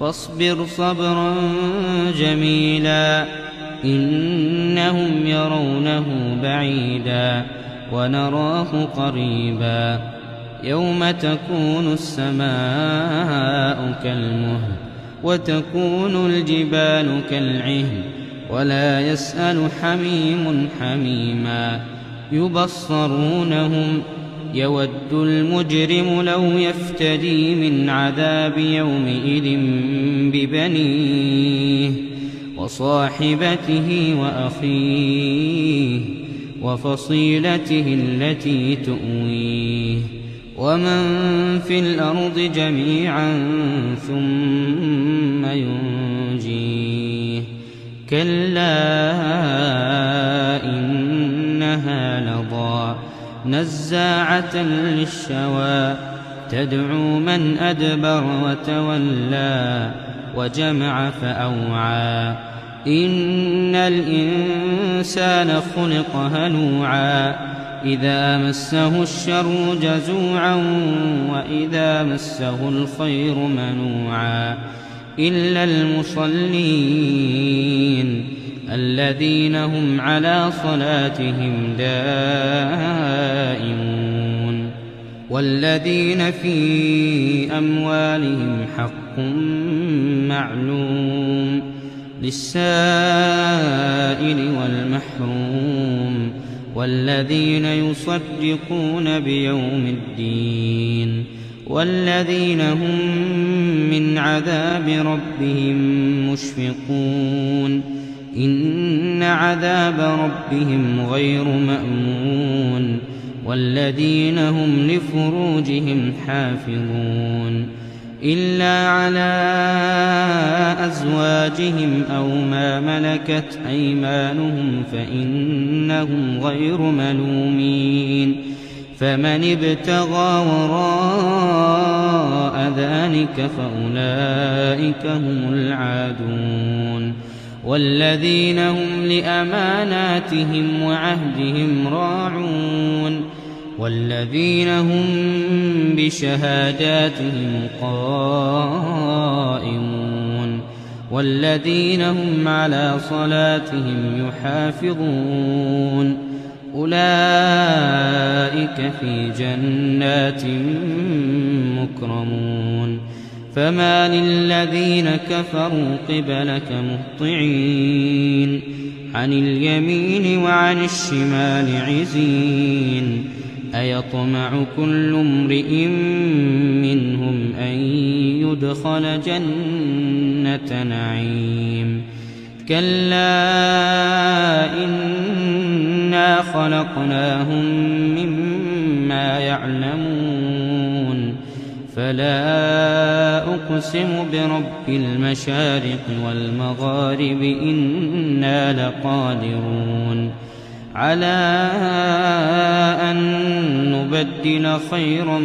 فاصبر صبرا جميلا إنهم يرونه بعيدا ونراه قريبا يوم تكون السماء كالمهل وتكون الجبال كالعهن ولا يسأل حميم حميما يبصرونهم يود المجرم لو يفتدي من عذاب يومئذ ببنيه وصاحبته وأخيه وفصيلته التي تؤويه ومن في الأرض جميعا ثم ينجيه كلا نزاعة للشوى تدعو من أدبر وتولى وجمع فأوعى إن الإنسان خلق هلوعا إذا مسه الشر جزوعا وإذا مسه الخير منوعا إلا المصلين الذين هم على صلاتهم دائمون والذين في أموالهم حق معلوم للسائل والمحروم والذين يصدقون بيوم الدين والذين هم من عذاب ربهم مشفقون إن عذاب ربهم غير مأمون والذين هم لفروجهم حافظون إلا على أزواجهم أو ما ملكت أيمانهم فإنهم غير ملومين فمن ابتغى وراء ذلك فأولئك هم العادون والذين هم لأماناتهم وعهدهم راعون والذين هم بشهاداتهم قائمون والذين هم على صلاتهم يحافظون أولئك في جنات مكرمون فما للذين كفروا قبلك مهطعين عن اليمين وعن الشمال عزين أيطمع كل امرئ منهم أن يدخل جنة نعيم كلا إنا خلقناهم مما يعلمون فلا أقسم برب المشارق والمغارب إنا لقادرون على أن نبدل خيرا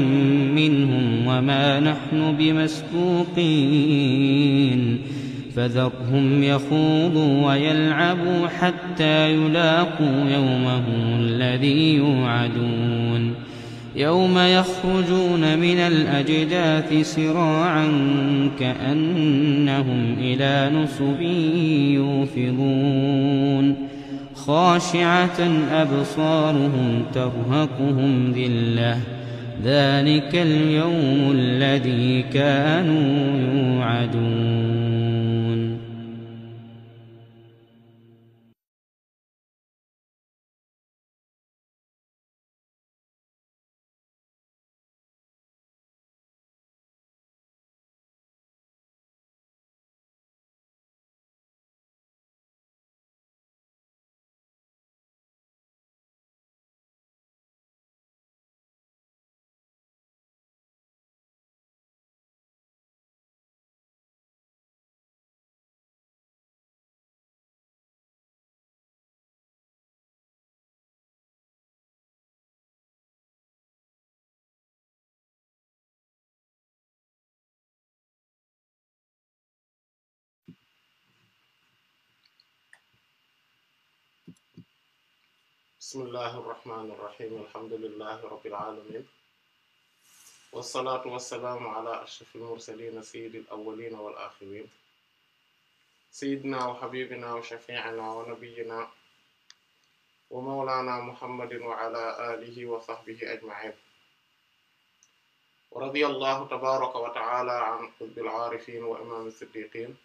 منهم وما نحن بمسبوقين فذرهم يخوضوا ويلعبوا حتى يلاقوا يومهم الذي يوعدون يوم يخرجون من الأجداث سراعا كأنهم إلى نصب يوفضون خاشعة أبصارهم ترهقهم ذلة ذلك اليوم الذي كانوا يوعدون بسم الله الرحمن الرحيم الحمد لله رب العالمين والصلاة والسلام على أشرف المرسلين سيد الأولين والآخرين سيدنا وحبيبنا وشفيعنا ونبينا ومولانا محمد وعلى آله وصحبه أجمعين ورضي الله تبارك وتعالى عن قلب العارفين وإمام الصديقين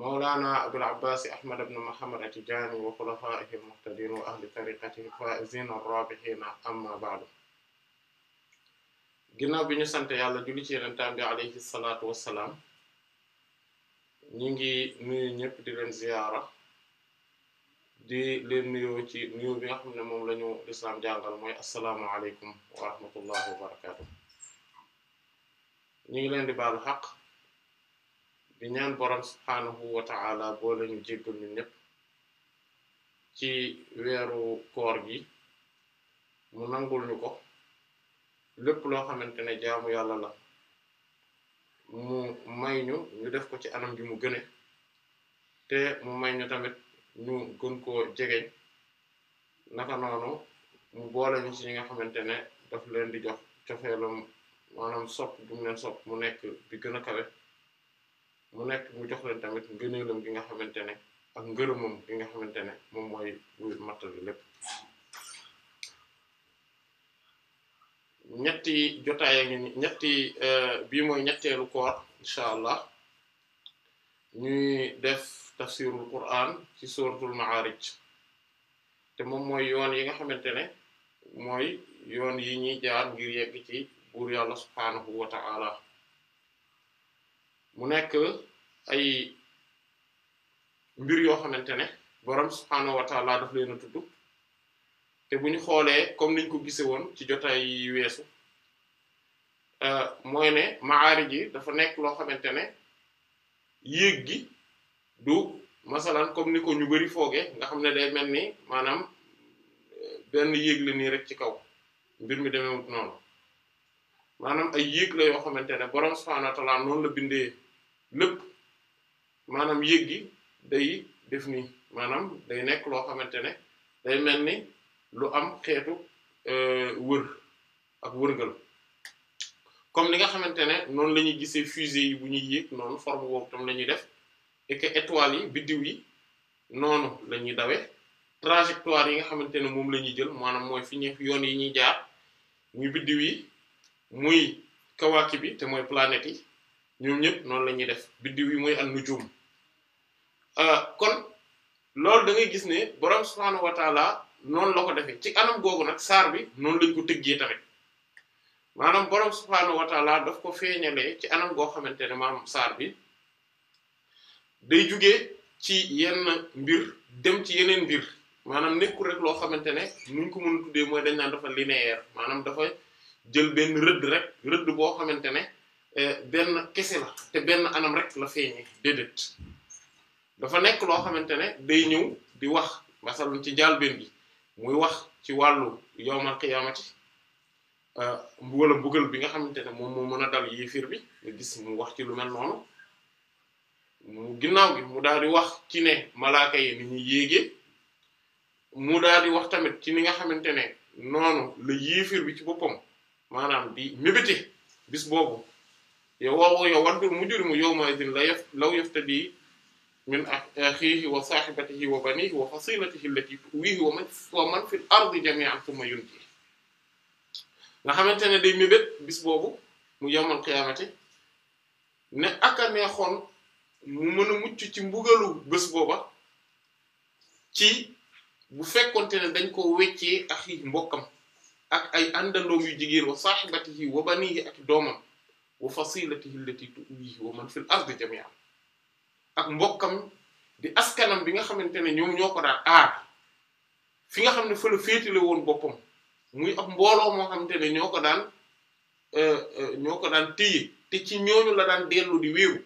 mawlaana abul abbaasi ahmad ibn muhammad at-tijaani wa xulafaa'ihi al-muhtadiin wa ahli tariqatihi al-faa'iziina ar-raabihiina amma ba'du ginnaaw bi ñu sant yàlla julli ci yenentaan bi alayhi salaatu salaam ñi ngi nuyu ñëpp di leen ziyaara di leen nuyo ci nuyoo bi nga xam ne moom lañu ñu lislaam jàngal mooy assalaamu aleykum wa rahmatullahi wa barakaatu ñi ngi leen di baalu xaq di ñaan borom subhaanahu wa ta'ala boo lañu jéggal ñu ñépp ci weeru koor gi mu nangul ñu ko lépp loo xamante ne jaamu yàlla la mu may ñu ñu def ko ci anam bi mu gëne te mu may ñu tamit ñu gën koo jegeñ naka noonu mu boole ñu ci ñi nga xamante ne daf leen di jox cofeelam maanaam sopp bu mu sopp mu nekk bi gën a kawe mu nek mu jox len tamit ngëneelam gi nga xamantene ne ak ngërëmam gi nga xamantene ne moy mooy mattali lépp ñetti jotaay nga ni ñetti euh, koor allah ñuy def tafsirul quran ci suratul ma'arij te moom moy yoon yi nga xamantene moy yoon yi ñi jaar ngir yegg ci bur yalla subhanahu wa ta'ala mu nekk ay mbir yoo xamante ne borom subhaanahu wa daf leen a tudd te bu ñu xoolee comme niñ ko gise woon ci jotaay yi weesu euh, mooy ne maari ji dafa nekk loo xamante ne yéeg gi du masalaan comme ni ko ñu bari foogee nga xam ne day mel ni maanaam euh, benn yéeg la nii rek ci kaw mbir mi demewut noonu maanaam ay yéeg la yoo xamante ne borom subhaanahu wa noonu la bindee lépp maanaam yéeg gi day def nii maanaam day nekk loo xamante ne day mel ni lu am xeetu euh, wër ak wërgal comme li nga xamante ne noonu la ñuy gisee fusée yi bu ñuy yéeg noonu forme boobu tam la def et que yi biddiw yi noonu la ñuy dawee trajectoire yi nga xamante ne moom lañuy jël maanaam mooy fi ñu yoon yi ñuy jaar muy biddiw yi muy kawaaki bi te mooy planètes yi ñoom ñëpp noonu la ñuy def biddiw yi mooy an-nujum ah, kon loolu da ngay gis ne borom subhaanahu wa noonu la ko defee ci anam googu nag saar bi noonu lañ ko tëggee tamit maanaam borom subhaanahu wa taala daf ko feeñalee ci anam goo xamante ne maanaam saar bi day jugee ci yenn mbir dem ci yeneen mbir maanaam nekkul rek loo xamante ne nuñ ko mën a mooy dañ naan dafa linéaire maanaam dafa jël benn rëdd rek rëdd boo xamante ne. Euh, benn kese la te benn anam rek la feeñee déedéet dafa nekk loo xamante ne day ñëw di wax masalan ci jàlbeen bi muy wax ci wàllu yawmal qiyaamati wala euh, mbugal bi nga xamante ne moom moo mën a dal yéefir bi gis mu wax ci lu mel noonu ginnaaw gi mu daal di wax ci ne malaaka yi ni ñuy yéege mu daal di wax tamit ci ni nga xamante ne noonu la yéefir bi ci boppam maanaam di mébéte bis boobu يوو يوند مجرم يوم اذن لو يفتدي من اخيه وصاحبته وبنيه وفصيلته التي تؤويه ومن, ومن في الارض جميعا ثم ينجي لا خامتاني دي ميبت بيس بوبو مو يوم القيامه ن اكا ميخون مونا موتشي تي مبوغلو بيس بوبا تي bu fekkonté né dañ ko wéccé akhi mbokam ak ay andalom yu jigir wa sahibatihi wa banīhi ak wa fasilatihi allati tu'wihi wa man fil ardi jami'an ak mbokkam di askanam bi nga xamante ne ñoom ñoo ko daan aar fi nga xam ne fa la féetale woon boppam muy ab mbooloo moo xamante ne ñoo ko daan euh, euh, ñoo ko daan téye te ci ñooñu la daan dellu di wéewu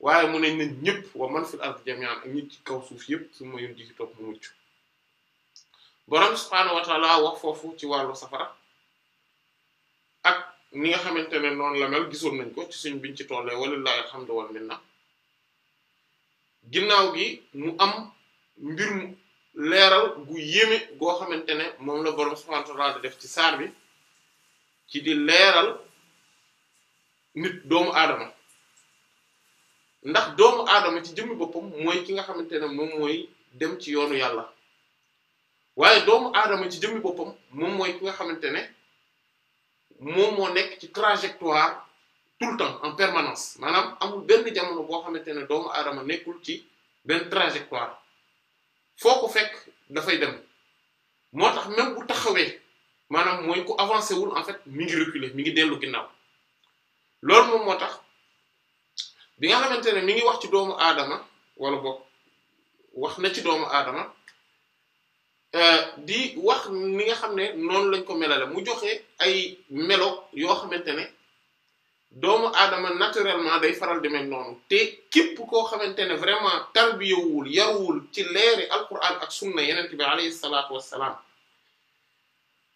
waaye mu ne nañ ñëpp wa man fil ardi jami'an ak ñi ci kaw suuf yëpp su ma yoon ji ci topp mu wax foofu ci wàllu safara ak ni nga xamante ne noonu la mel gisoon nañ ko ci suñ biñ ci tollee walillahi alhamdu wal minna ginnaaw gi mu am mbir leeral gu yéeme goo xamante ne moom la borom subhanahu wa ta'ala def ci saar bi ci di leeral nit doomu aadama ndax doomu aadama ci jëmmi boppam mooy ki nga xamante ne moom mooy dem ci yoonu yàlla waaye doomu aadama ci jëmmi boppam moom mooy ki nga xamante ne moom moo nekk ci trajectoire tout temps en permanence manam amul benn jamono bo xamantene doomu adama nekul ci ben trajectoire foo fek da fay dem motax même bu taxawé manam mooy ko avancer wul en fait mi ngi reculer mi ngi delu ginnaw loolu moom moo bi nga xamantene mi ngi wax ci doomu adama wala bok wax na ci doomu adama di wax ni nga xamne non lañ ko melale mu joxe ay melo yo xamantene doomu adama naturellement day faral di mel non te kep ko xamantene ne vraiment tarbiyawul yarul ci lere alquran ak sunna yenen tibbi alayhi salatu wassalam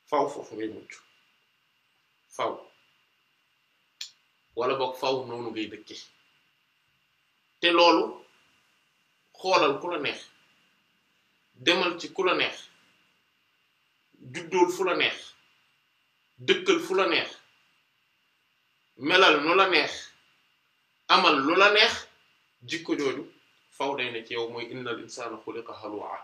faw foofu ngay mucc faw wala bok faw nonu ngay dekk te lolou xolal kula neex demal ci kula neex duddul fu la neex dëkkal fu la neex melal nu la neex amal lu la neex jikko jooju faw day ne ci yow mooy innal insana xuliqa halu'a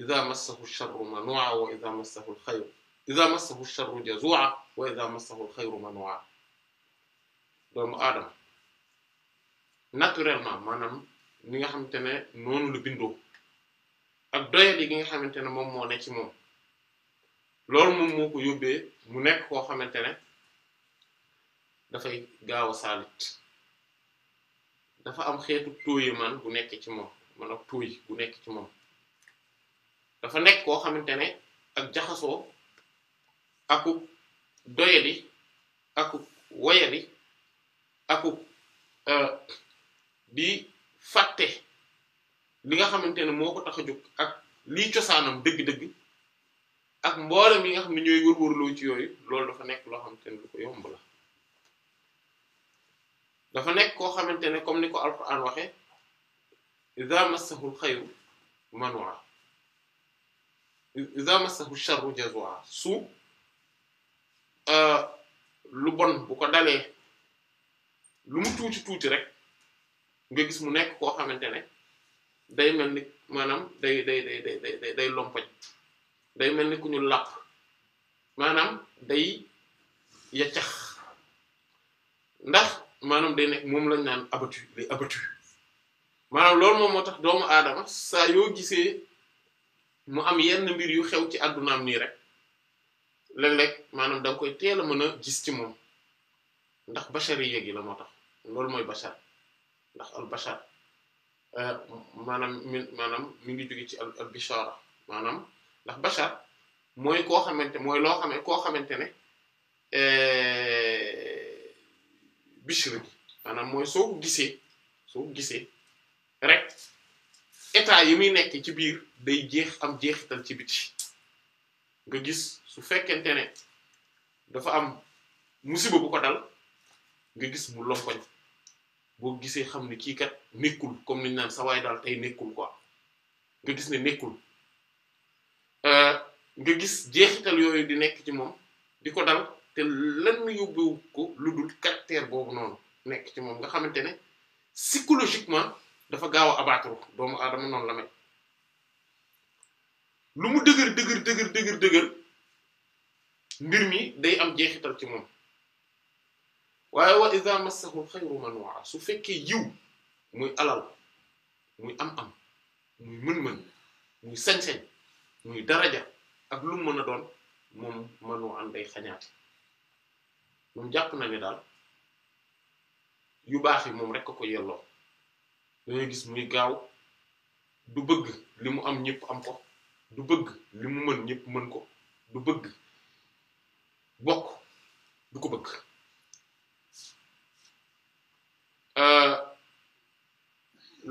idha massahu ash-sharru manu'a wa idha massahu al-khayru idha massahu ash-sharru jazu'a wa idha massahu al-khayru manu'a doomu aadama naturellement maanaam ni nga xamante ne noonu lu bindoo ak doyal yi nga xamante ne moom moo ne ci moom loolu moom moo ko yóbbee mu nekk koo xamante ne dafay gaaw a saalit dafa am xeetu tóoyi man bu nekk ci moom man ak tóoy bu nekk ci moom dafa nekk koo xamante ne ak jaxasoo akub doyadi akub woyadi akub euh, di fàtte li nga xamante ne moo ko tax a jóg ak lii cosaanam dëgg-dëgg ak mboolem mi nga xam ne ñooy wërwërloo ci yooyu loolu dafa nekk loo xamante ne lu ko yomb la dafa nekk koo xamante ne comme ni ko alquran waxe idha massahu alxayru manua idha massahu sharru jazua su euh, lu bon bu ko dalee lu mu tuuti tuuti rek nga gis mu nekk koo xamante ne day mel ni maanaam day day day day day day day mel ni ku ñu làpp maanaam day yaccax ndax maanaam day nekk moom lañ naan abattu day abattu maanaam loolu moom moo tax doomu aadama saa yoo gisee mu am yenn mbir yu xew ci àddunaam nii rek léeg-léeg maanaam da koy teel a mën a gis ci moom ndax bachari yéegi la moo tax loolu mooy bachar ndax al bachar euh, maanaam mi ngi jóge ci al bishara maanaam ndax bashar mooy koo xamante mooy loo xam koo xamante ne eh, bishri gi maanaam mooy soo ko gisee soo gisee rek état yi muy nekk ci biir day jeex am jeexital ci biti nga gis su fekkente ne dafa am musiba bu ko dal nga gis mu lompoñ boo gisee xam ne kii kat nekkul comme niñ naan sawaay daal tey nekkul ko nga gis ne nekkul Euh, nga gis jeexital yooyu di nekk ci moom di ko dal te lenn yóbbu ko lu dul caractère boobu noonu nekk ci moom nga xamante ne psychologiquement dafa gaaw a abattre doomu aadama noonu la mel lu mu dëgër dëgër dëgër dëgër dëgër mbir mi day am jeexital ci moom waaye wa iza massahu xayru manua su fekkee yiw muy alal muy am-am muy mën-mën muy sañ-sañ muy daraja ak lu mu mën a doon moom mënoo am day xañaati moom jàpp na ne daal yu baax yi moom rek a ko yelloo dangay gis muy gaaw du bëgg li mu am ñëpp am ko du bëgg li mu mën ñëpp mën ko du bëgg bokk du ko bëgg euh,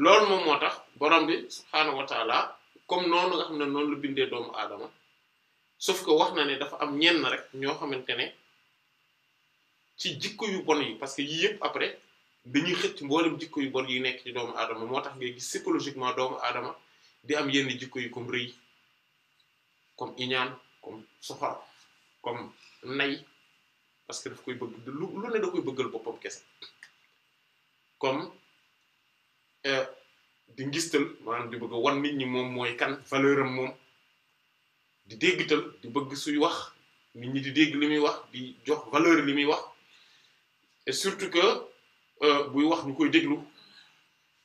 loolu moom moo tax borom bi subhaanahu wa comme noonu nga xam ne noonu la bindee doomu adama sauf que wax na ne dafa am ñenn rek ñoo xamante ne ci jikko yu bon yi parce que yii yëpp après dañuy xëcc mboolem jikko yu bon yi nekk ci doomu aadama moo tax ngay gis psychologiquement doomu aadama di am yenn jikko yu comme rëy comme iñaan comme soxor comme nay parce que daf koy bëgg lu lu ne da koy bëggal boppam kese comme. Euh, di ngistal maanaam di bëgg a wan nit moom mooy kan valeur am moom di déggtal di bëgg suy wax nit ñi di dégg li muy wax di jox valeur li muy wax et surtout que euh, buy wax ñu koy déglu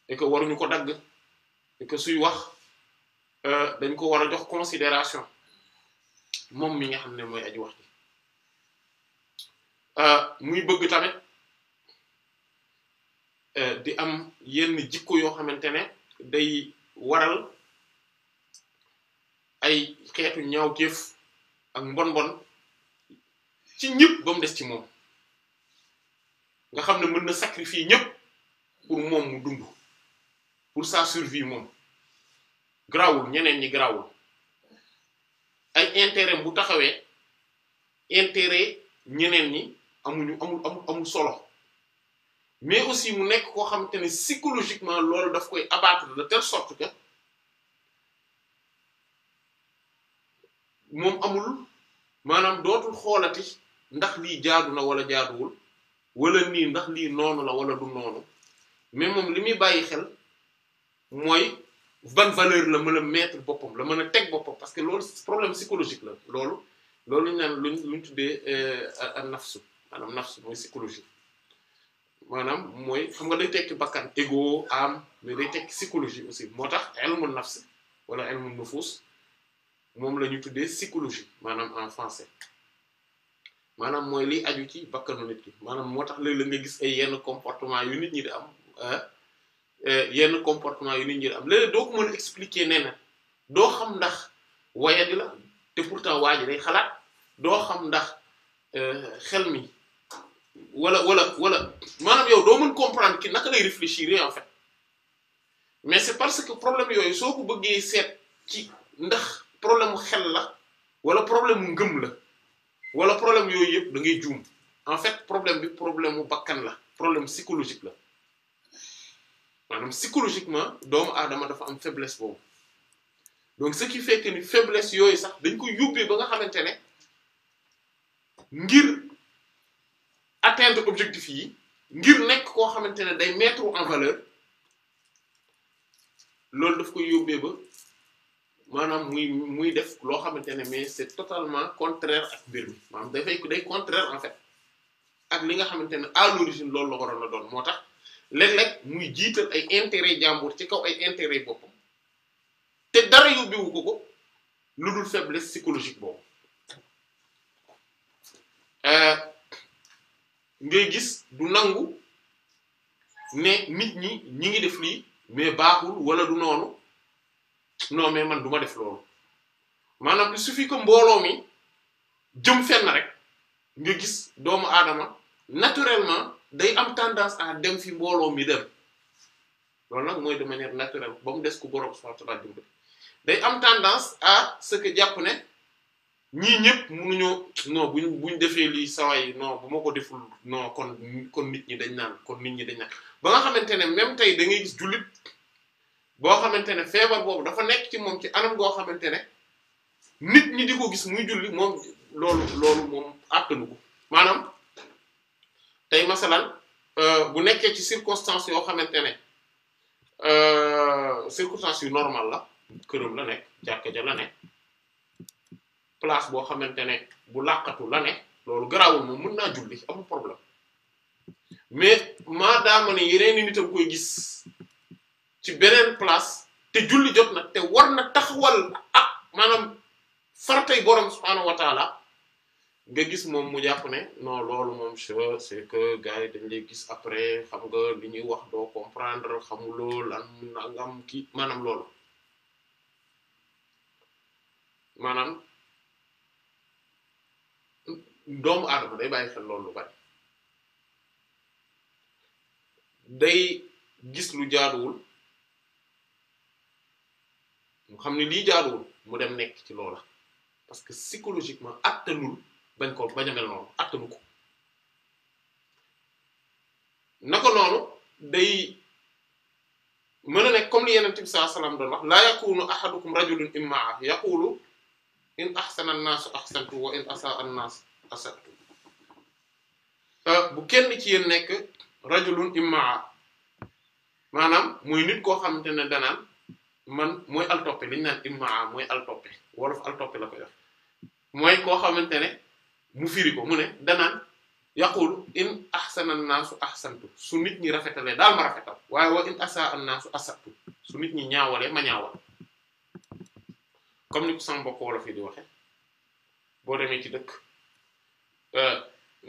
et que waruñu ko dagg et que suy wax euh, dañ ko war a jox considération moom mi nga xam ne mooy aji wax ji euh, muy bëgg tamit di am yenn jikko yoo xamante ne day waral ay xeetu ñaawteef ak mbon mbon ci ñëpp ba mu des ci moom nga xam ne mën na sacrifier ñëpp pour moom mu dund pour sa survie moom grawul ñeneen ñi grawul ay intéret bu taxawee intéret ñeneen ñi amuñu amul amul amul solo mais aussi mu nek ko psychologiquement lolu daf abattre de telle sorte que mom amul manam dotul ndax li jaadu wala wala ni ndax li ou la wala du mais mom limi bayyi xel ban valeur la mettre la meuna de parce que un problème psychologique la lolu lolu ñu nafsu nafsu psychologique manam moy xam nga day ego am mais day tek psychologie aussi motax ilmu nafs wala ilmu nufus la psychologie manam en français manam moy li aju ci bakkanu nit ki manam motax lay la nga gis ay yenn comportement yu nit hein, eh, comportement yu nit ñi di am expliquer do xam ndax la pourtant wala wala wala manam yow do meun comprendre ki naka lay réfléchir en fait mais c'est parce que problème yoy soko beugé set ci ndax problème xel la wala problème mu la wala problème yoy yëpp da ngay en fait problème bi problème bakkan la problème psychologique la manam psychologiquement dom aadama dafa am faiblesse boobu donc ce qui fait que ni faiblesse yoy sax dañ ko yóbbee ba nga xamantene ngir atteindre objectif yi ngir nek ko xamantene day mettre en valeur lolou daf ko yobbe ba manam muy muy def lo xamantene mais c'est totalement contraire ak mbir manam maanaam fay day contraire en fait ak li nga xamantene ne à l'origine lolou la waroon a don motax lek léeg muy jiital ay intérêt jambour ci kaw ay intérêt boppam te dara yóbbewu ko ko lu faiblesse psychologique bop euh ngay gis du nangu ne nit ñi ñi ngi def lii mais baaxul wala du noonu noo mais man du ma def loolu maanaam il suffit que mbooloo mi jëm fenn rek nga gis doomu aadama naturellement day am tendance à dem fi mbooloo mi dem loolu nag mooy de manière naturelle ba mu des ku borom subhanahu wa ta'ala day am tendance à ce que jàpp ne. ñii ñëpp munuñoo bu buñ buñ defee lii saway non bu ma ko deful non kon kon nit ñi dañ naan kon nit ñi dañ ba nga xamante ne même tey da ngay gis jullit boo xamante ne feebar boobu dafa nekk ci moom ci anam goo xamante ne nit ñi di ko gis muy julli moom loolu loolu moom àttanu ko maanaam tey masalan euh, bu nekkee ci circonstance yoo xamante ne euh, circonstance yu normal la këram la nekk jàkka ja la place bo xamantene ne bu làqatu la ne eh. lolou grawul mo meuna julli amu problème mais maadaama ni yeneen nit ak koy gis ci benen place te julli jot nak te warna takwal taxawal ah manam fartay borom subhanahu wa taala nga gis mom mu japp ne non lolou mom c'est que gars dañ lay gis après xam nga li ñuy wax do comprendre xamuloo lan nangam ki manam lolou manam doomu aadama day bàyyi xel loolu gis lu jaaduwul mu xam ne lii jaaduwul mu dem nekk ci loola parce que psychologiquement attanul bañ ko bañ a mel noonu attanu naka noonu day mën a nekk comme li Yonent bi sallallahu alayhi wasallam wax laa yakunu ahadukum rajulun immaa yaqulu in ahsana an-naasu ahsantu wa in asaa an-naas Asatu. bu kenn ci rajulun immaa manam muy nit koo xamante ne danaan man mooy altoppe li ñu naan immaa mooy altoppe wolof altoppe la koy wax mooy koo xamante mu firi ko mu ne in ahsana an-naasu ahsantu su nit ñi rafetalee daal ma rafetal wa in asa an-naasu asatu su nit ñi ñaawalee ma ñaawal comme ni ko sama mbokk wolof yi di waxe ci dëkk Euh,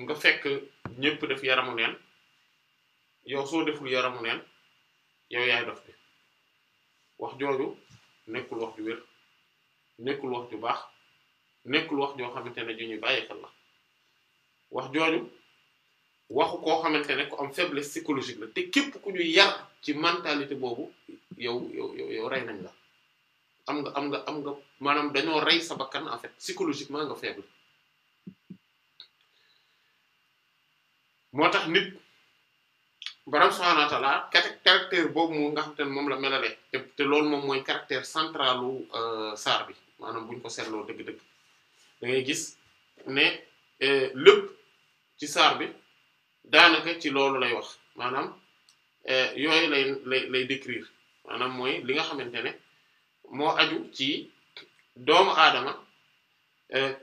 nga fekk ñëpp def yaramu neen yow soo deful yaramu neen yow yaay dof bi wax jooju nekkul wax ju wér nekkul wax ju baax nekkul wax joo xamante ne ju ñu bàyyi xel la wax jooju waxu koo xamante ne ku am faiblesse psychologique la te képp ku ñu yar ci mentalité boobu yow yow yow yow rey nañ la am nga am nga am nga maanaam dañoo rey sa bakkan en fait psychologiquement nga faible moo tax nit borom subhaanahu wa ta'aala caractère boobu moom nga xam te ne moom la melale te te loolu moom mooy caractère centralu euh, saar bi maanaam buñ ñu ko seetloo dëgg-dëgg da gis ne euh, lépp ci saar bi daanaka ci loolu lay wax maanaam euh, yooyu lay décrire maanaam mooy li nga xamante ne moo aju ci doomu aadama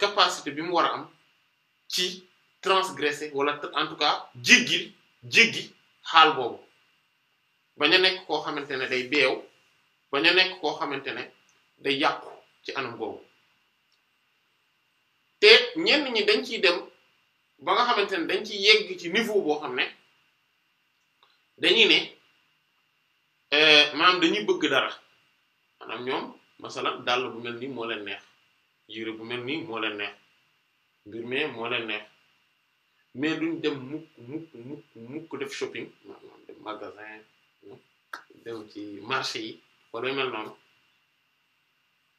capacité bi mu war a am ci. transgressé wala en tout cas jéggi jéggi xaal boobu bañ a nekk koo xamante ne day beew bañ a nekk koo xamante ne day yàqu ci anam boobu te ñenn ñi dañ ciy dem ba nga xamante ne dañ ci yegg ci niveau boo xam ne dañuy ne euh, maanaam dañuy bëgg dara maanaam ñoom masalan dàll bu mel ni moo leen neex yére bu mel nii moo leen neex mbir mi moo leen neex mais duñ dem mukk mukk mukk mukk def shopping maanaam dem dem ci marché yi wala mel noonu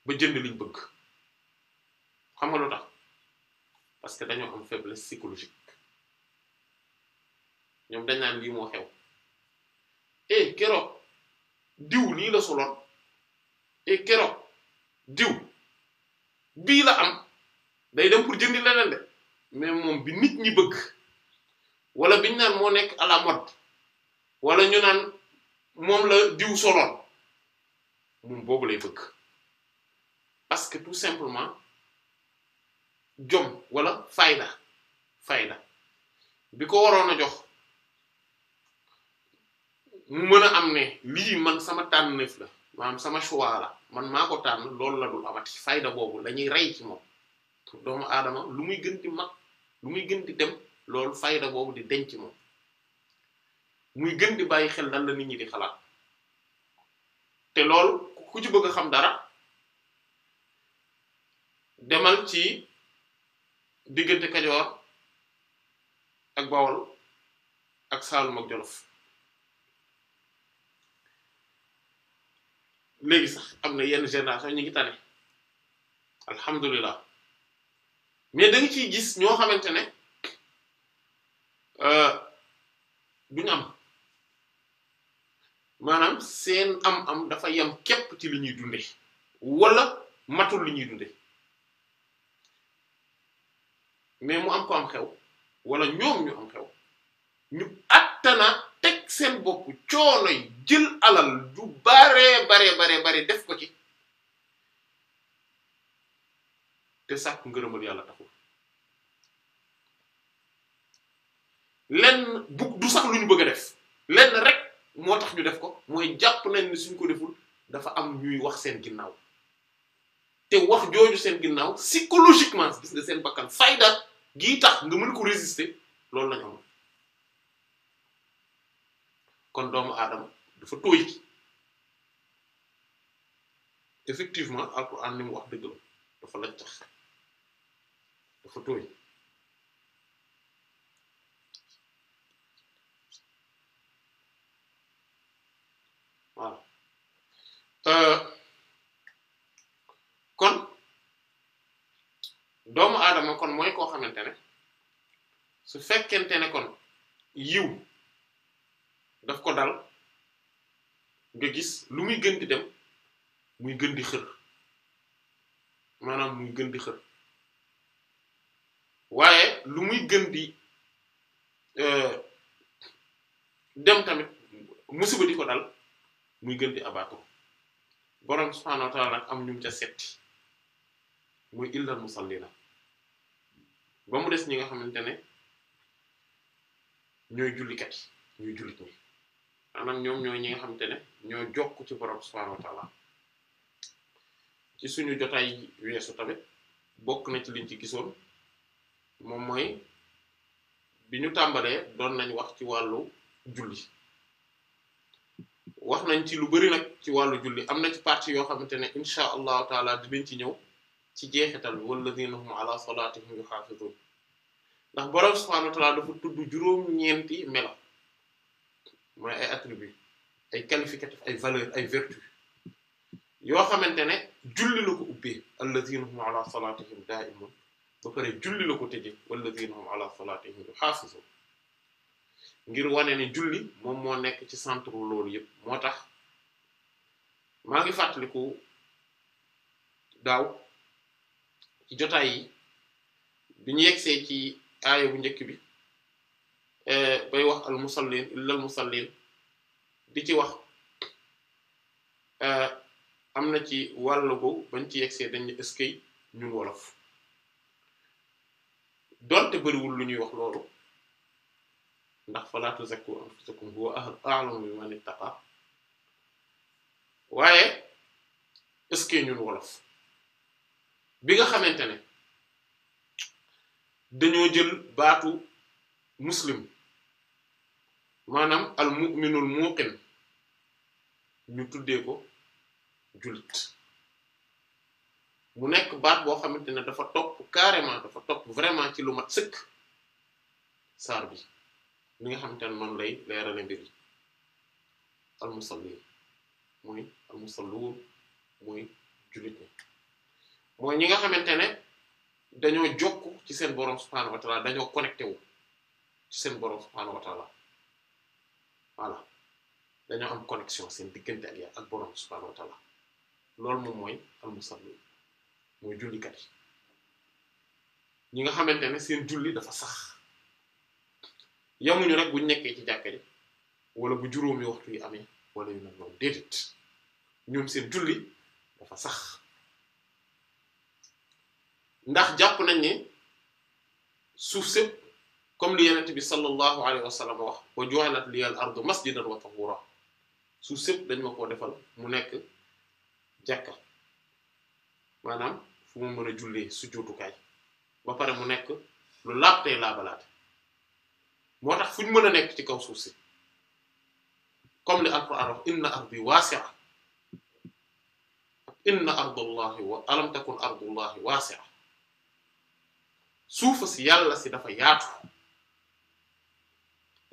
ba jënd liñ bëgg xam nga lu tax parce que dañoo am faiblesse psychologique ñoom dañ naan lii moo xew eh keroog diw nii la soloon eh keroog diw bii la am day dem pour jëndi leneen de mais moom bi nit ñi bëgg wala biñ naan moo nekk à la ñu naan moom la diw soloon moom boobu lay bëgg parce que tout simplement jom wala fayda fayda bi ko waroon a jox mu mën a am ne lii man sama tànneef la maanaam sama choix la man maa ko tànn loolu la dul amati fayda boobu lañuy rey ci moom doomu aadama lu muy gën di mag lu muy gën di dem lool fayda boobu di denc moom muy gën di bàyyi xel lan la nit ñi di xalaat te lool ku ci bëgg a xam dara demal ci diggante Kajoor ak Bawol ak Saalum ak Jolof léegi sax am na yenn génération ñu ngi tane alhamdulilah mais danga ci gis ñoo xamante ne euh, duñu am maanaam seen am-am dafa yem képp ci li ñuy dunde wala matul li ñuy dunde mais mu am ko am xew wala ñoom ñu am xew ñu attana teg seen bopp coono jël alal du bare bare bare bare def ko ci te sàkk ngërëmal yàlla taxul lenn bu du sax lu ñu bëgg a def lenn rek moo tax ñu def ko mooy jàpp nañ ne suñ ko deful dafa am ñuy wax seen ginnaaw te wax jooju seen ginnaaw psychologiquement gis nga seen bakkan fayda gii tax nga mën ko résister loolu lañu am kon doomu aadama dafa tóoy effectivement alquran ni mu wax dëgg la dafa lañ tax dafa tooy waaw kon doomu aadama kon mooy koo xamante ne su fekkente ne kon yiw daf ko dal nga gis lu muy gën di dem muy gën di xër maanaam muy gën di xër waaye lu muy gën di euh, dem tamit musiba di ko dal muy gën di abaatu borom subhaanahu wa ta'aala nag am ñu mu ca setti muy illal musallina ba mu des ñi nga xamante ne ñooy jullikat ñu ñooy jullit ñi maanaam ñoom ñooy ñi nga xamante ne ñoo jokk ci borom subhaanahu wa ci suñu jotaay weesu tamit bokk na ci liñ ci gisoon. moom mooy bi ñu tàmbalee doon nañ wax ci wàllu julli wax nañ ci lu bari nag ci wàllu julli am na ci partie yoo xamante ne insha allahu taala dinañ ci ñëw ci jeexital bi walladhina hum ala salatihim yuhafizun ndax borom subhanahu wa taala dafa tudd juróom-ñeenti melo mooy ay attributs ay qualificatifs ay valeurs ay vertus yoo xamante ne julli la ko ubbee alladhina hum ala salatihim da'imun ba pare julli la ko tëje walladina hum ala salatihim yuhaafizun ngir wane ne julli moom moo nekk ci centre loolu yëpp moo tax maa ngi fàttaliku daaw ci jotaay yi bi ñu yegsee ci aaya bu njëkk bi eh, bay wax al musallin illa al musallin di ci wax eh, am na ci wàll boobu bañ ci yegsee dañ ne eskay ñun wolof donte bariwul lu ñuy wax loolu ndax fala tuzakku anfusakum huwa a'lamu biman ittaqa waaye est-ce que ñun wolof bi nga xamante ne dañoo jël baatu muslim maanaam al mu'minul muqin ñu tuddee ko jullit mu nek baat bo xamantene dafa top carrément dafa top vraiment ci lu mat sëkk saar bi li nga xamantene non lay leralé mbir yi almusallin mooy almusalluun mooy jullit ñi moy ñi nga xamantene ne jokk ci seen borom subhanahu wa taala dañoo connecté wu ci seen borom subhanahu wa taala voilà dañoo am connexion seen diggante ak borom subhanahu wa taala loolu moom al musalli mooy jullikat yi ñi nga xamante ne seen julli dafa sax yamuñu rek bu nekkee ci jàkka yi wala bu juróomi waxtu yi amee wala yu mel noonu déedéet ñoom seen julli dafa sax ndax jàpp nañ ne suuf sépp comme li yenent bi sallallahu alayhi wa sallam wax wa ju'ilat liyal ardu masjidan wa tahura suuf sépp dañ ma koo defal mu nekk jàkka maanaam fu mu mën a jullee sujjóotukaay ba pare mu nekk lu laab tey laabalaate moo tax fu ñu mën a nekk ci kaw suuf si comme li alquran wax inna ardi wasi'a inna ardallahi wa alam takun ardullahi wasi'a suufa si yàlla si dafa yaatu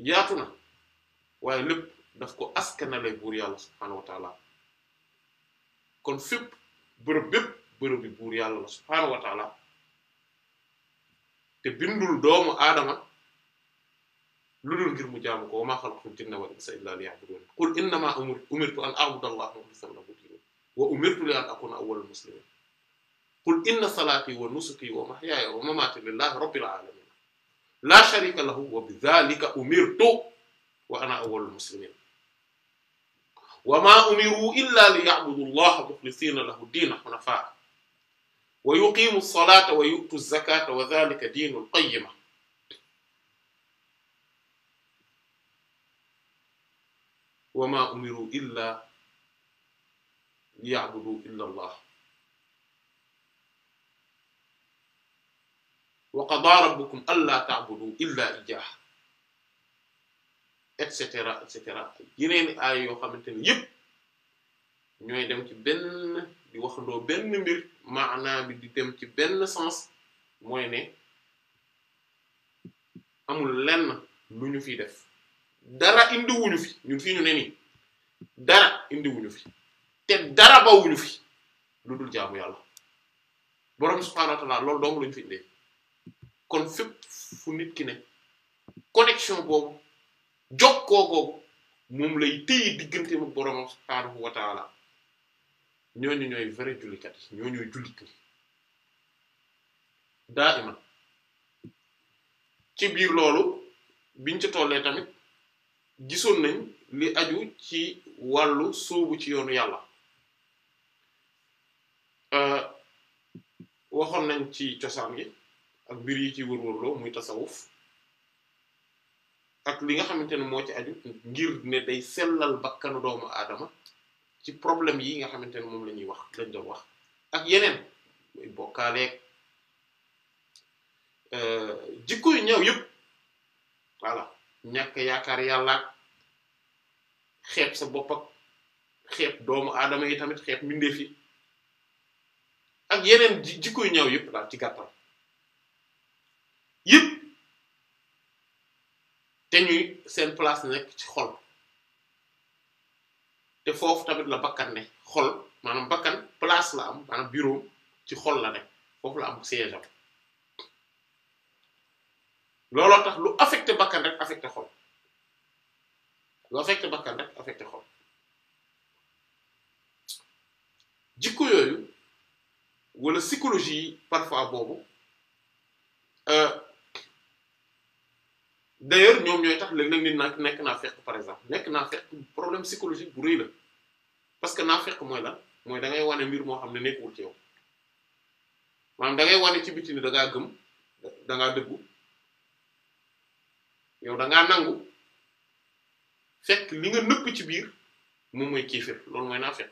yaatu na waaye lépp daf ko askanale buur yàlla subhaanahu wa kon fépp bërëb bépp bërëb bi buur yàlla la subhaanahu wa taala te bindul doomu aadama lu dul ngir mu jaamu ko wa maa xalaqtul jinna wal insa illaa liya'buduun qul innamaa umirtu an a'buda allaha mukhlishan lahu diin wa umirtu li an akuna awwalal muslimiin qul inna salaati wa nusuki wa mahyaaya wa mamaati lillahi rabbil aalamiin laa shariika lahu wa bidhaalika umirtu wa ana awwalul muslimiin wa maa umiruu illaa liya'budu allaha mukhlishiina lahu diina hunafaa ويقيم الصلاة ويؤتوا الزكاة وذلك دين القيمة وما أمروا إلا ليعبدوا إلا الله وقضى ربكم ألا تعبدوا إلا إياه etc etc et cetera yeneen ay yoo xamante ni yëpp ñooy dem ci benn di wax do ben mbir maanaa bi di dem ci ben sens moy ne amul len luñu fi def dara indi wuñu fi ñun fi ñu ne nii dara wuñu fi te dara ba wuñu fi lu jaamu yàlla borom subhanahu wa ta'ala loolu dong lañu fi indi kon fépp fu nit ki ne connexion boobu jokko gog mom lay teyi digganteem ak borom subhanahu wa ta'ala ñooñu ñooy vrai jullikat yi ñoo ñooy jullit daa ima ci biir loolu biñ ci tollee tamit gisoon nañ li aju ci wàllu sóobu ci yoonu yàlla euh, waxoon nañ ci cosaan gi ak mbir yi ci wërwërloo muy tasawuf ak li nga xamante ne moo ci aju ngir ne day sellal bakkanu doomu aadama ci problème yi nga xamante ne moom la ñuy wax lañ doon wax ak yeneen muy bokkaaleeg euh, jikko yu ñëw yëpp voilà ñàkk yaakaar yàlla ak xeeb sa boppa ak xeeb doomu aadama yi tamit xeeb mbindeef yi ak yeneen jikko yu ñëw yëpp daal ci gàttal yëpp te ñuy seen place nekk ci xol te foofu tamit la bakkan ne xol maanaam bakkan place la am maanaam bureau ci xol la ne foofu la am siège looloo tax lu affecté bakkan rek affecté xol lu affecté bakkan rek affecté xol jikko yooyu wala psychologie parfois boobu. Euh, d'ailleurs ñoom ñooy tax léeg-léeg nit naa nekk na fekk par exemple nekk naa fekk problème psychologique bu rëy la parce que naa fekk mooy lan mooy da ngay wane mbir moo xam ne nekk nekkul ci yow maanaam da ngay wane ci biti dangaa gëm dangaa ngaa dëggu yow dangaa nangu fekk li nga nëpp ci biir moom mooy kiifir loolu mooy naa fekk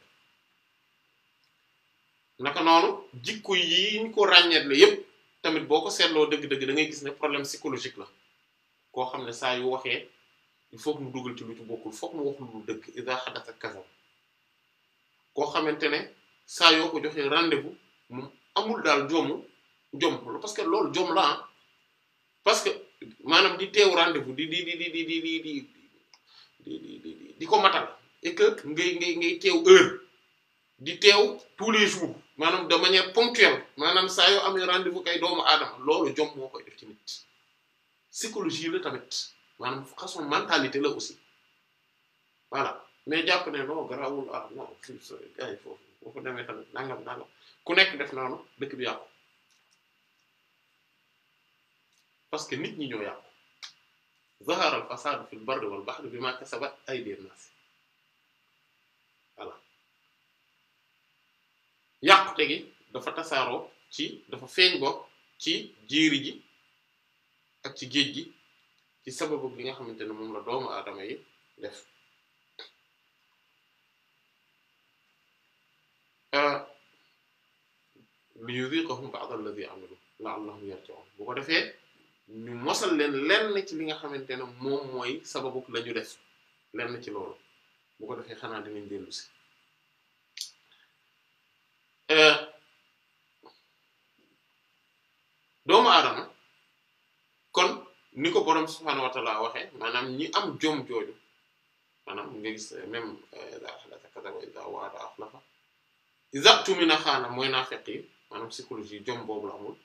naka noonu jikko yi ñu ko ràññeet la yépp tamit boo ko seetloo dëgg-dëgg da ngay gis ne problème psychologique la koo xam ne saa yu waxee il faut mu ci lu ci bokkul foog mu wax lu dëgg iza hadatha kaza koo xamante ne saa yoo ko joxee rendez-vous mu amul daal joomu joom parce que loolu joom la parce que maanaam di teew rendez-vous di di di di di di di di di di ko matal et que ngay ngay ngay teew heure di teew tous les jours maanaam de manière ponctuelle maanaam saa yoo amee rendez-vous kay doomu aadama loolu jom psychologie la tamit maanaam façon mentalité la aussi voilà mais jàpp ne non garaawul ah non ay foofu boo ko demee tamit nangam nangam ku nekk def noonu dëkk bi yàqu parce que nit ñi ñoo yàqu zahara al fasad fil barri wal bahri bima kasabat aydin nas voilà yàqute gi dafa tasaaroo ci dafa feeñ bokk ci jiiri ji ak ci géej gi ci sababu bi nga xamante ne moom la doomu aadama yi def euh, li yuziqahum ba'd alladhi amilu la'allahum yarji'un bu ko defee ñu mosal leen lenn ci li nga xamante ne moom mooy sababu la ñu def lenn ci loolu bu ko defee xanaa dinañ dellu si ni ko borom subhaanahu wa ta'aala waxee maanaam ñi am jom jooju maanaam nga gis eh, même eh, iza ahlata kadhaba wa iza wa'ada akhlafa iza tumina xaana mooy naafeq yi maanaam psychologie jom boobu la amul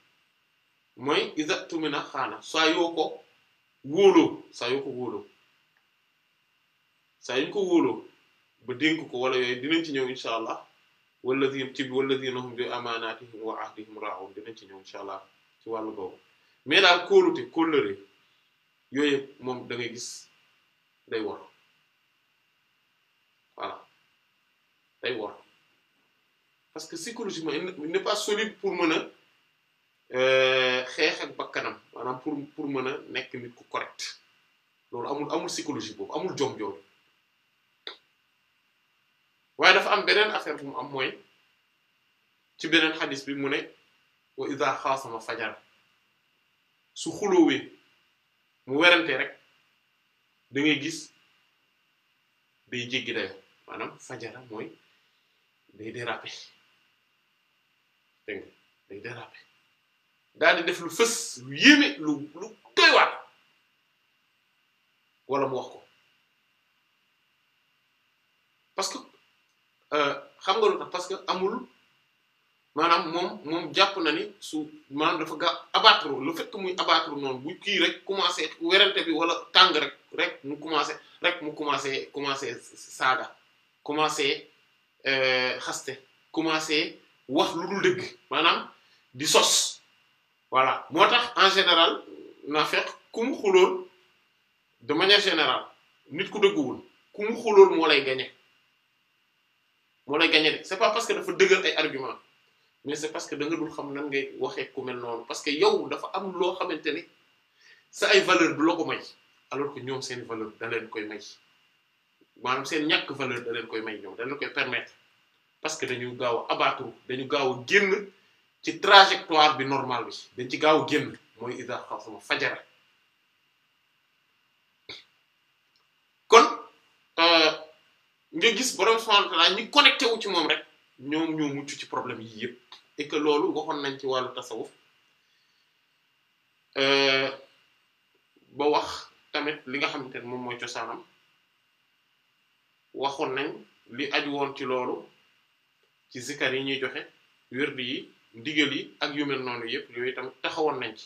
mooy iza tumina xaana saa yoo ko wóoloo saa yoo ko wóoloo saa yuñ ko ba dénk ko wala yooyu dinañ ci ñëw incha allah walladhina ci walladhina hum bi amaanatihim wa ahdihim ci ñëw incha allah ci wàllu boobu mais daal kóolute kóllëre yooyu yëpp moom da gis day wor voilà day wor parce que psychologiquement il n'est pas solide pour mën a euh, xeex ak bakkanam maanaam pour pour mën a nekk nit ku correct loolu amul amul psychologie boobu amul jom jooju waaye dafa am beneen affaire bu mu am mooy ci beneen xadis bi mu ne wa ida xaasama fajara su xulóowee mu werantee rek da ngay gis day jéggi dayoo maanaam fajara mooy day déraper dégg day déraper daal di def lu fës lu yéeme lu lu doy waar wala mu wax ko parce euh, xam nga lu tax parce que amul. manam mom mom jàpp na ni su maanaam dafa ga abattre le fait que muy abattre non bu ki rek commencer werante bi wala tang rek rek mu commencer rek mu commencer saga commencer euh xaste commencer wax loolu deug manam di sos voilà motax en général na fekk kum mu de manière générale nit ku dëgguwul kum mu mo lay gagner mo lay gagner c'est pas parce que dafa dëgër ay argument mais c'est parce que da dul xam nan ngay waxee ku mel noonu parce que yow dafa am loo xamante ne sa ay valeur du la ko may alors que ñoom seen valeur da leen koy may maanaam seen ñàkk valeur da leen koy may ñoom da leen koy permettre parce que dañu gaaw a dañu gaaw a génn ci trajectoire bi normal bi dañ ci gaaw a génn mooy ida xaw sama fajara kon euh, nga gis borom subhanahu wa ta'ala ñu connecté wu ci moom rek ñoom ñoo mucc ci problème yi yëpp et loolu waxoon nañ ci wàllu tasawuf euh, ba wax tamit li nga xamante ne moom mooy cosaanam waxoon nañ li aju woon ci loolu ci zikar yi ñuy joxe wérdi yi ndigal yi ak yu mel noonu yëpp yooyu tamit taxawoon nañ ci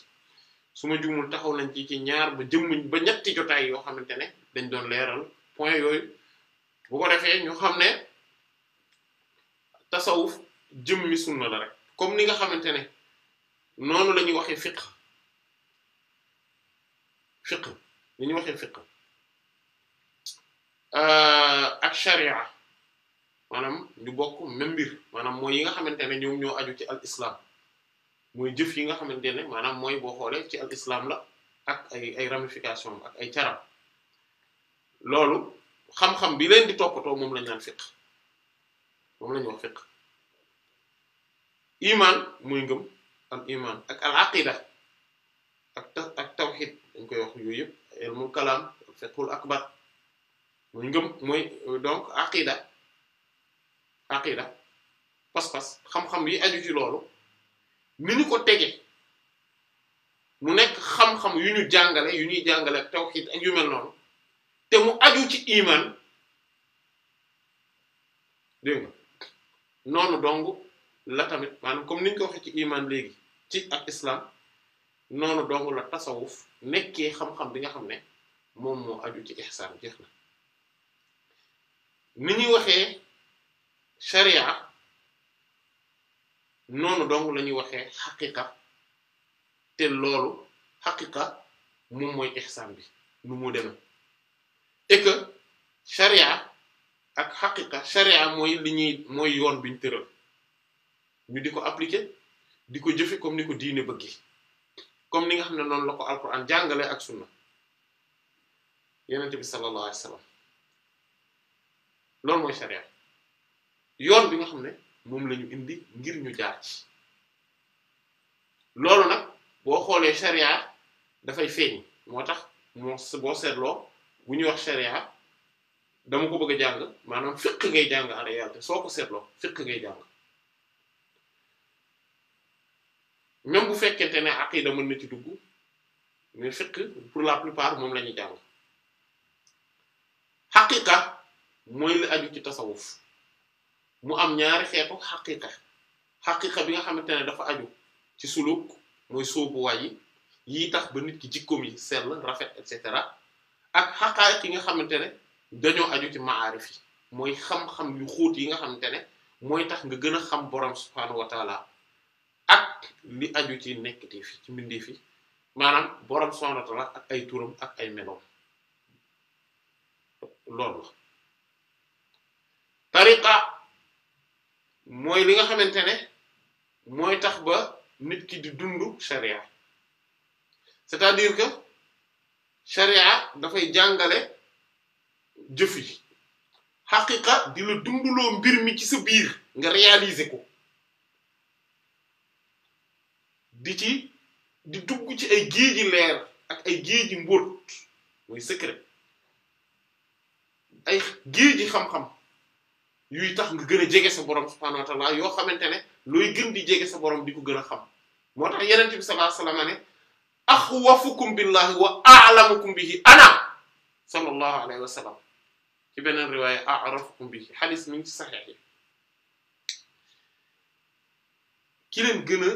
su ma juumul taxaw nañ ci ñaar ba jëmmuñ ba ñetti jotaay yoo xamante ne dañ doon leeral point yooyu bu ko defee ñu xam ne tasawuf jëmmi sunna la rek comme ni nga xamantene nonu noonu waxe fiqh fiqh ni ñuy waxee fiqh ak sharia manam ñu bokk même bir manam moy yi nga xamantene ñoom ñoo aju ci al islam moy jëf yi nga xamantene manam moy bo xolé ci al islam la ak ay ay ramification ak ay caram loolu xam-xam bi leen di topato mom lañ nane fiqh moom la ñu wax fiq iman muy ngëm al iman ak al aqida ak ta ak tawxid dañ koy wax yooyu yëpp ilmul kalaam fiqhul akbar muy ngëm mooy donc aqida aqida pas-pas xam-xam yi aju ci loolu ni ñu ko tege mu nekk xam-xam yu ñu jàngale yu ñuy jàngale ak tawxid ak yu mel noonu te mu aju ci iman dégg noonu dong la tamit maanaam comme niñ ko waxee ci iman léegi ci ak islam noonu dong la tasawuf nekkee xam-xam bi nga xam ne moom moo aju ci ihsaan jeex na ni ñuy waxee sharia noonu dong la ñuy waxee xaqiqa te loolu xaqiqa moom mooy ihsaan bi nu mu demee et que sharia ak xaqiqa sharia mooy li ñuy mooy yoon bi ñu tëral ñu di ko appliquer di ko jëfe comme ni ko diine bëggi comme ni nga xam ne noonu la ko alquran jàngale ak sunna yenente bi sallallahu alayhi wasallam loolu mooy sharia yoon bi nga xam ne moom lañu indi ngir ñu jaar ci loolu nag boo xoolee sharia dafay feeñ moo tax moo boo seetloo bu ñuy wax sharia dama ko bëgg a jàng maanaam fiqh ngay jàng en réalité soo ko seetloo fiqh ngay jàng même bu fekkente ne aqida mën na ci dugg mais fiqh pour la plupart moom la ñuy jàng xaqiqa mooy li aju ci tasawuf mu am ñaari xeetu xaqiqa xaqiqa bi nga xamante ne dafa aju ci suluk mooy sóobuwaay yi yi tax ba nit ki jikkoom yi sell rafet et cetera ak xaqaayiq yi nga xamante ne dañoo aju ci maarif yi mooy xam-xam yu xóot yi nga xamante ne mooy tax nga gën a xam borom subhaanahu ak aju ci nekkati ci mbindee fi maanaam borom subhaanahu wa taala ay turam ak ay meloom loolu mooy li nga xamante ne mooy tax ba nit ki di dund sharia c'est-à-dire que sharia dafay jàngale. jëf yi xaqiqa di la dunduloo mbir mi ci sa biir nga réaliser ko di ci di dugg ci ay géeji leer ak ay géeji mbóot mooy secret ay géeji xam-xam yuy tax nga gën a jege sa borom subhaanahu wa ta'ala yoo xamante ne looy gën di jege sa borom di ko gën a xam moo tax yeneen bi sallallahu alayhi wasallam ne axwafukum billahi wa a'lamukum bihi ana sallallahu alayhi wasallam ci beneen riwaaya a'rafukum bi xadis mi ngi ci ki leen gën a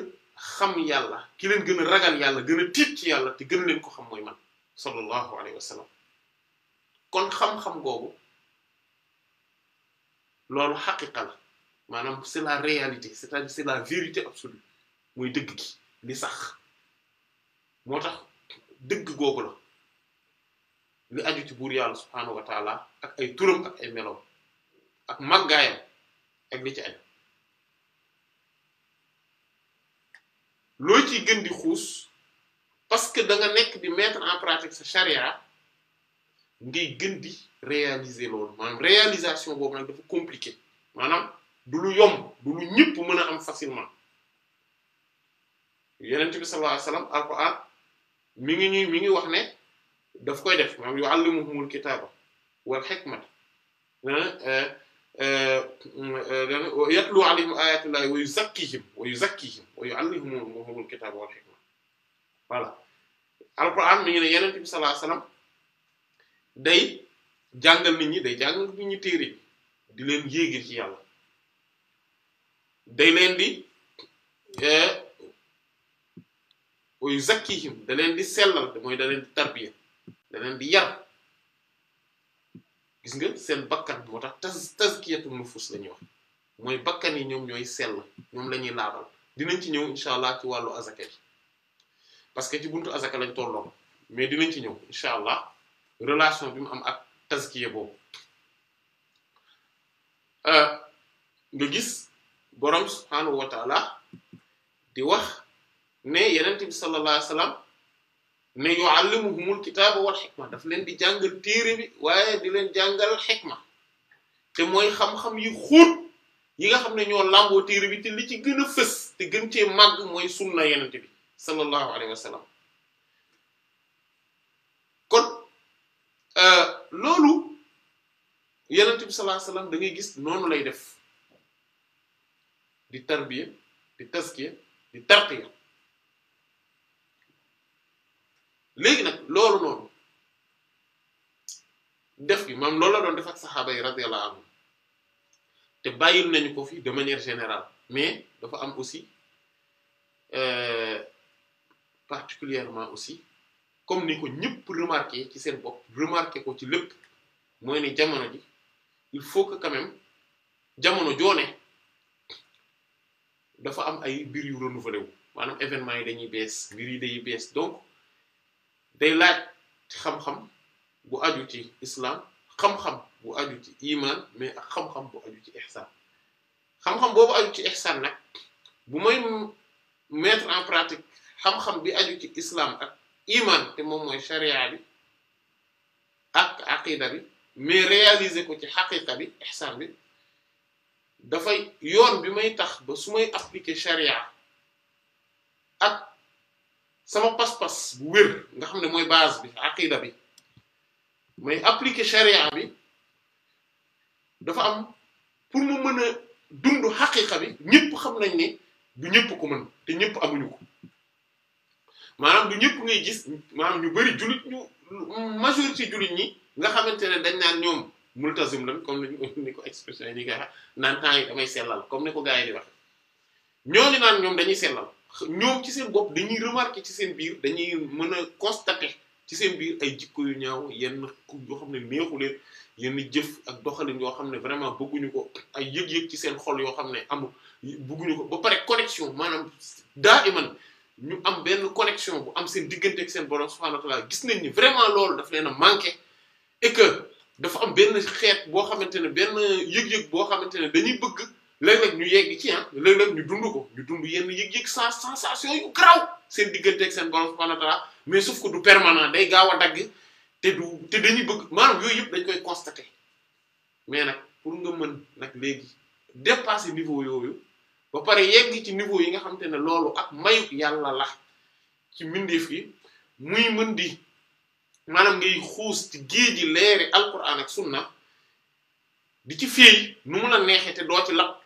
xam yàlla ki leen gën a ragal yàlla gën a ci yàlla te gën leen ko xam mooy man sallallahu alayhi wa kon xam-xam googu loolu xaqiqa la maanaam c'est la réalité c'est-à-dire c'est la vérité absolue mooy dëgg gi li sax moo tax dëgg googu la li aju ci buur yàlla subhaanahu wa taala ak ay turam ak ay melo ak màggaayam ak li ci aju loolu ciy gën di xuus parce que da nga nekk di mettre en pratique sa charia ngay gën di réaliser loolu maanaam réalisation boobu nag dafa compliqué maanaam du lu yomb du lu ñëpp mën a am facilement yeneen bi sallallahu alayhi wasallam alquran mi ngi ñuy mi ngi wax ne daf koy def manam yu'allimuhum alkitaba wal hikmata na eh eh yatlu alayhim ayati llahi wa yuzakkihim wa yuzakkihim wa yu'allimuhum alkitaba wal hikma wala alquran mi ngi ne yonent bi sallallahu alayhi wasallam day jàngal nit ñi day jàngal nit ñi téré di leen yéggé ci yàlla day leen di eh wa yuzakkihim da leen di sellal moy da leen di tarbiyah da leen di yar gis nga seen bakkan moo tax tas tazkiyatu nufus la ñuy wax mooy bakkan yi ñoom ñooy sell ñoom la ñuy laabal dinañ ci ñëw incha allah ci wàllu azaka parce que ci buntu azaka lañ tolloo mais dinañ ci ñëw incha allah relation bi mu am ak tazkiya boobu euh, nga gis borom subhaanahu wa di wax ne yeneen bi sallallahu alayhi wasallam ne yuallimuhumul kitaaba wal xikma daf leen di jàngal téere bi waaye di leen jàngal xikma te mooy xam-xam yi xóot yi nga xam ne ñoo làmboo téere bi te li ci gën a fës te gën cee màgg mooy sunna yenente bi sallallahu alayhi wa sallam kon euh, loolu yenente bi sallallahu alayhi wa gis noonu lay def di tarbiya di taskiya di tarqiya léegi nag loolu noonu def gi maam loolu la doon def ak saxaaba yi radiyallahu anhum te bàyyil nañu ko fi de manière générale mais dafa am aussi euh, particulièrement aussi comme ni ko ñëpp remarqué ci seen bopp remarqué ko ci lépp mooy ne jamono ji il faut que quand même jamono joone dafa am ay mbir yu renouvelé wu maanaam événement yi dañuy bees mbir yi dañuy bees donc day laaj xam-xam bu aju ci islam xam-xam bu aju ci iman mais ak xam-xam bu aju ci ihsan xam-xam boobu aju ci ihsan nag bu may mettre en pratique xam-xam bi aju ci islam ak iman te moom mooy sharia bi ak aqida bi mais réaliser ko ci xaqiqa bi ihsan bi dafay yoon bi may tax ba sumay appliquer sharia ak sama pas-pas bu wér nga xam ne mooy base bi aqida bi may appliquer charia bi dafa am pour mu mën a dund xaqiqa bi ñëpp xam nañ ne du ñëpp ko mën te ñëpp amuñu ko maanaam du ñëpp ngay gis maanaam ñu bari jullit ñu majorité jullit ñi nga xamante ne dañ naan ñoom multazim lan comme ni ko expression yi ñu koy wax naan temps yi damay sellal comme ni ko gars yi di wax ñooñu naan ñoom dañuy sellal ñoom ci seen bopp dañuy remarquer ci seen biir dañuy mën a constater ci seen biir ay jikko yu ñaaw yenn ku yoo xam ne neexu leen yenn jëf ak doxalin yoo xam ne vraiment bëgguñu ko ay yëg-yëg ci seen xol yoo xam ne amul bëgguñu ko ba pare connexion maanaam daa iman ñu am benn connexion bu am seen diggante ak seen borom subhanahu wa ta'ala gis nañ ñi vraiment loolu daf leen a manqué et que dafa am benn xeet boo xamante ne benn yëg-yëg boo xamante ne dañuy bëgg léeg-léeg ñu yegg ci ah léeg-léeg ñu dund ko ñu dund yenn yëg-yëg sens sensation yu graw seen digganteeg seen bon subhanahu wa ta'ala mais sauf que du permanent day gaaw a dagg te du te dañuy bëgg maanaam yooyu yëpp dañ koy constater mais nag pour nga mën nag léegi dépasser niveau yooyu ba pare yegg ci niveau yi nga xamante ne loolu ak mayuk yàlla la ci mbindeef yi muy mën di maanaam ngay xuus ci géej yi leeri alquran ak sunna di ci féey nu mu la neexee te doo ci lapp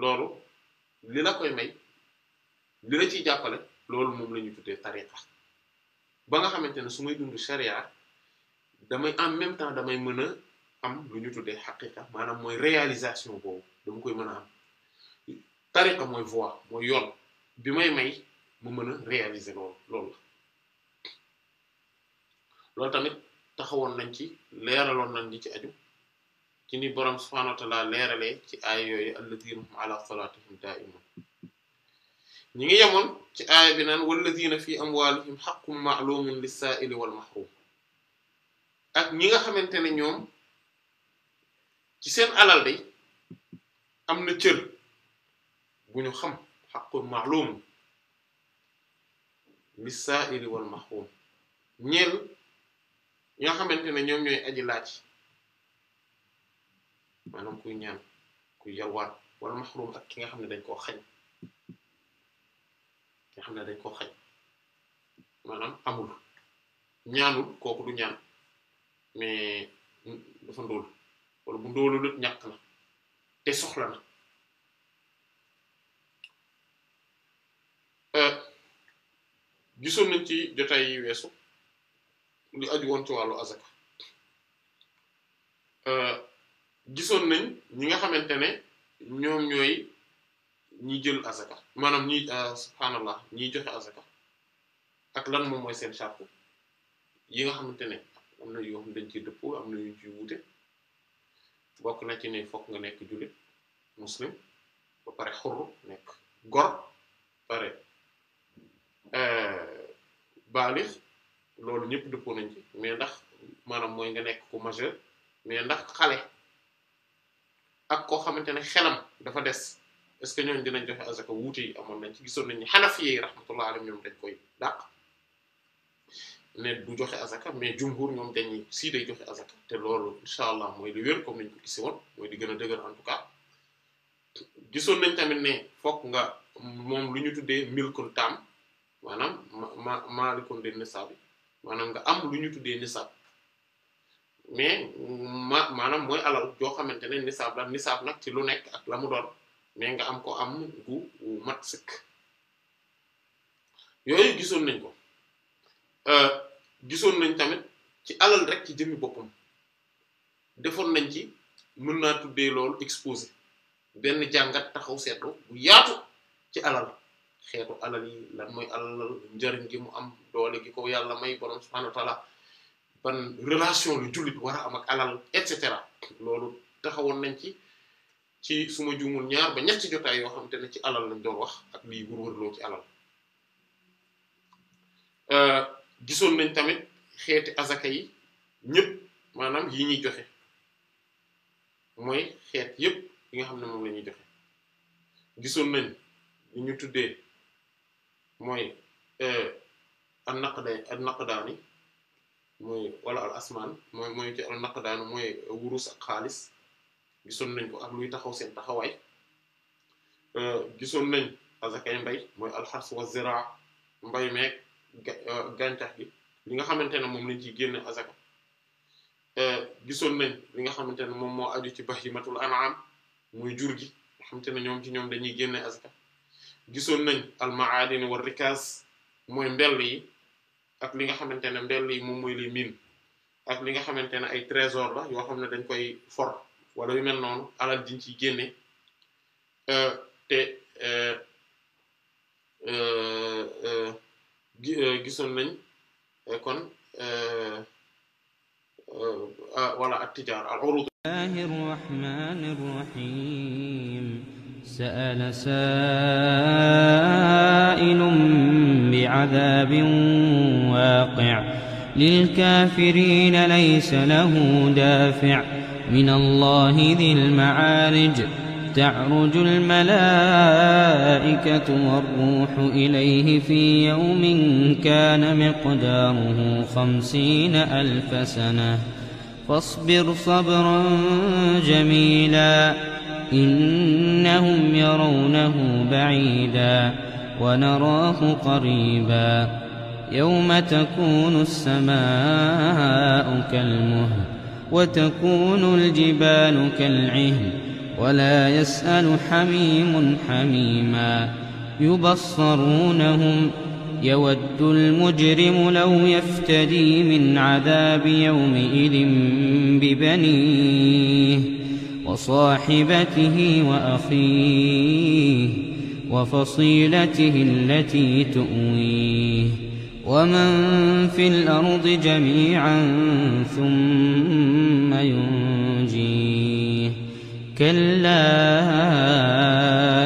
loolu li la koy may li la ciy jàppale loolu moom la ñuy tuddee tariqa ba nga xamante ne su may dund sharia damay en même temps damay mën a am lu ñu tuddee xaqiqa maanaam mooy réalisation boobu dama koy mën a am tariqa mooy voie mooy yoon bi may may mu mën a réaliser loolu loolu la loolu tamit taxawoon nañ ci leeraloon nañ li ci aju ci ni borom subhaanahu wa ta'aala leeralee ci aay yooyu alladiina hum alaa salaatihim daa'imuun ñi ngi yemoon ci aaya bi naan walladiina fii amwaalihim haqqun ma'luumun lis-saa'ili wal mahruum ak ñi nga xamante ne ñoom ci seen alal day am na cër bu ñu xam haqqun ma'luum lis-saa'ili wal mahruum ñeel ñi nga xamante ne ñoom ñooy aji laaj maanaam kuy ñaan ku yalwaat wal mahrum ak ki nga xam ne dañ koo xañ ki nga xam ne dañ koo xañ manam amul ñaanul kooku du ñaan mais dafa ndóol wala bu ndóolul ñàkk na te soxla na euh, gisoon nañ ci jotaay yi weesu lu aju woon ci wàllu azaka euh, gisoon nañ ñi nga xamante ne ñoom ñooy ñi jël azaka maanaam ñi ah, subhaanallah ñiy joxe azaka ak lan moom mooy seen charte yi nga xamante ne am na yoo xam dañ ci dëpp am na yu ci wuute bokk na ci ne fokk nga nekk jullit muslim ba pare xurru nekk gor pare eh, baalix loolu ñëpp dëppoo nañ ci mais ndax maanaam mooy nga nekk ko majeur mais ndax xale ak koo xamante ne xelam dafa des est que ñooñu dinañ joxe azaka wuute yi amoon nañ ci gisoon nañ ni xanafi yi rahmatullah alayhim ñoom dañ koy dàq ne du joxe azaka mais jumhur ñoom dañuy sii day joxe azaka te loolu incha allah mooy li wér comme nañ ko gisi woon di gën a dëgër en tout cas gisoon nañ tamit ne fokk nga moom lu ñu tuddee milkul taam maanaam ma ma maalikun de nisaab maanaam nga am lu ñu tuddee nisaab mais ma maanaam mooy alal joo xamante ne nisaab la nisaab nag ci lu nekk ak la mu doon mais nga am ko am gu mat sëkk yooyu gisoon nañ ko euh, gisoon nañ tamit ci alal rek ci jëmmi boppam defoon nañ ci mën naa tuddee lool exposé benn jàngat taxaw seetlu bu yaatu ci alal xeetu alal yi lan mooy alal njariñ gi mu am doole gi ko yàlla may borom subhanahu wa ban relation lu jullit war a am ak alal et cetera loolu taxawoon nañ ci ci suma juumul ñaar ba ñetti jotaay yoo xam te ne ci alal lañ doon wax ak lii wërwërloo ci alal euh, gisoon nañ tamit xeeti azaka yi ñëpp maanaam yi ñuy joxe mooy xeet yëpp yi nga xam ne moom la ñuy joxe gisoon nañ ñu tuddee mooy euh, an naqda an naqdaani mooy wala al asmaan mooy mooy ci al daan mooy wurus ak xaalis gisoon nañ ko ak luy taxaw seen taxawaay euh, gisoon nañ azakay mbay mooy alxars wa ziraa mbay meeg euh, gàncax gi li nga xamante ne moom lañ ciy génne azaka euh, gisoon nañ li nga xamante ne moom moo aju ci bahimatul an'am muy jur gi nga xamante ne ci ñoom dañuy génne azaka gisoon nañ al ma'adin war rikaas mooy mbell yi ak li nga xamante ne ndel yi moom mooy les mines ak li nga xamante ne ay trésor la yoo xam ne dañ koy for wala yu mel noonu alal jiñ ciy génne euh, te euh, euh, gisoon nañ kon wala ah, at tijaar al urud rahmanir rahim سأل سائل بعذاب واقع للكافرين ليس له دافع من الله ذي المعارج تعرج الملائكة والروح إليه في يوم كان مقداره خمسين ألف سنة فاصبر صبرا جميلا إنهم يرونه بعيدا ونراه قريبا يوم تكون السماء كالمه وتكون الجبال كالعهن ولا يسأل حميم حميما يبصرونهم يود المجرم لو يفتدي من عذاب يومئذ ببنيه وصاحبته وأخيه وفصيلته التي تؤويه ومن في الأرض جميعا ثم ينجيه كلا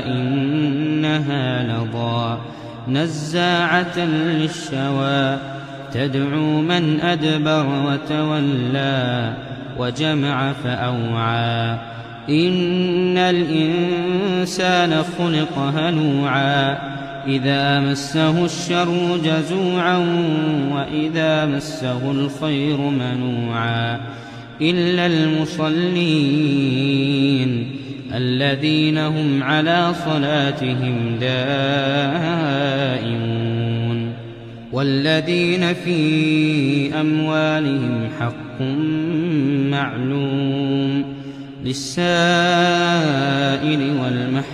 إنها لضا نزاعة للشوى تدعو من أدبر وتولى وجمع فأوعى إن الإنسان خلق هلوعا إذا مسه الشر جزوعا وإذا مسه الخير منوعا إلا المصلين الذين هم على صلاتهم دائمون والذين في أموالهم حق معلوم للسائل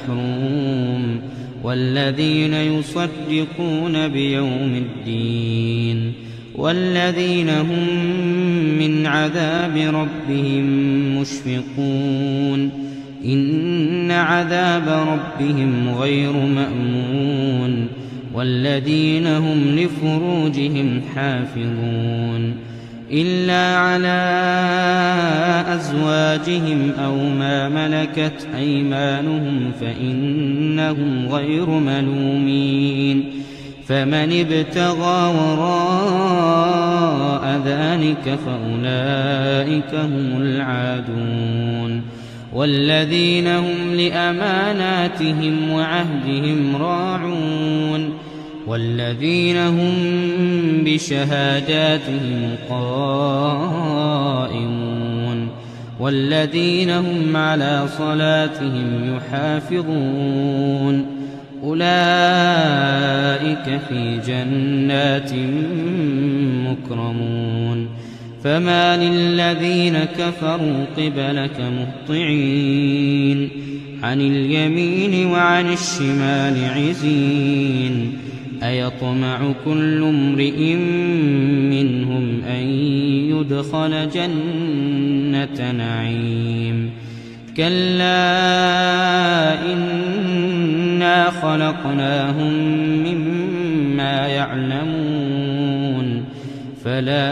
والمحروم والذين يصدقون بيوم الدين والذين هم من عذاب ربهم مشفقون إن عذاب ربهم غير مأمون والذين هم لفروجهم حافظون إلا على أزواجهم أو ما ملكت أيمانهم فإنهم غير ملومين فمن ابتغى وراء ذلك فأولئك هم العادون والذين هم لأماناتهم وعهدهم راعون والذين هم بشهاداتهم قائمون والذين هم على صلاتهم يحافظون أولئك في جنات مكرمون فما للذين كفروا قبلك مهطعين عن اليمين وعن الشمال عزين أيطمع كل امرئ منهم أن يدخل جنة نعيم كلا إنا خلقناهم مما يعلمون فلا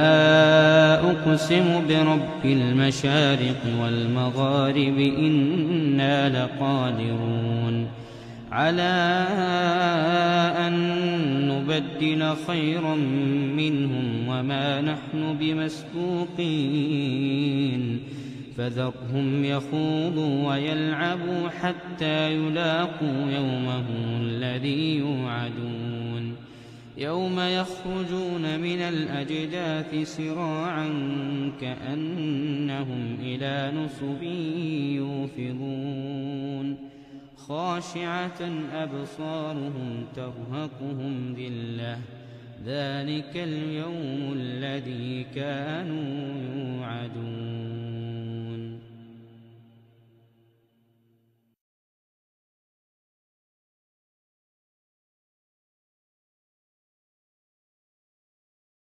أقسم برب المشارق والمغارب إنا لقادرون على أن نبدل خيرا منهم وما نحن بمسبوقين فذرهم يخوضوا ويلعبوا حتى يلاقوا يومهم الذي يوعدون يوم يخرجون من الأجداث سراعا كأنهم إلى نصب يوفضون خاشعة أبصارهم ترهقهم ذلة ذلك اليوم الذي كانوا يوعدون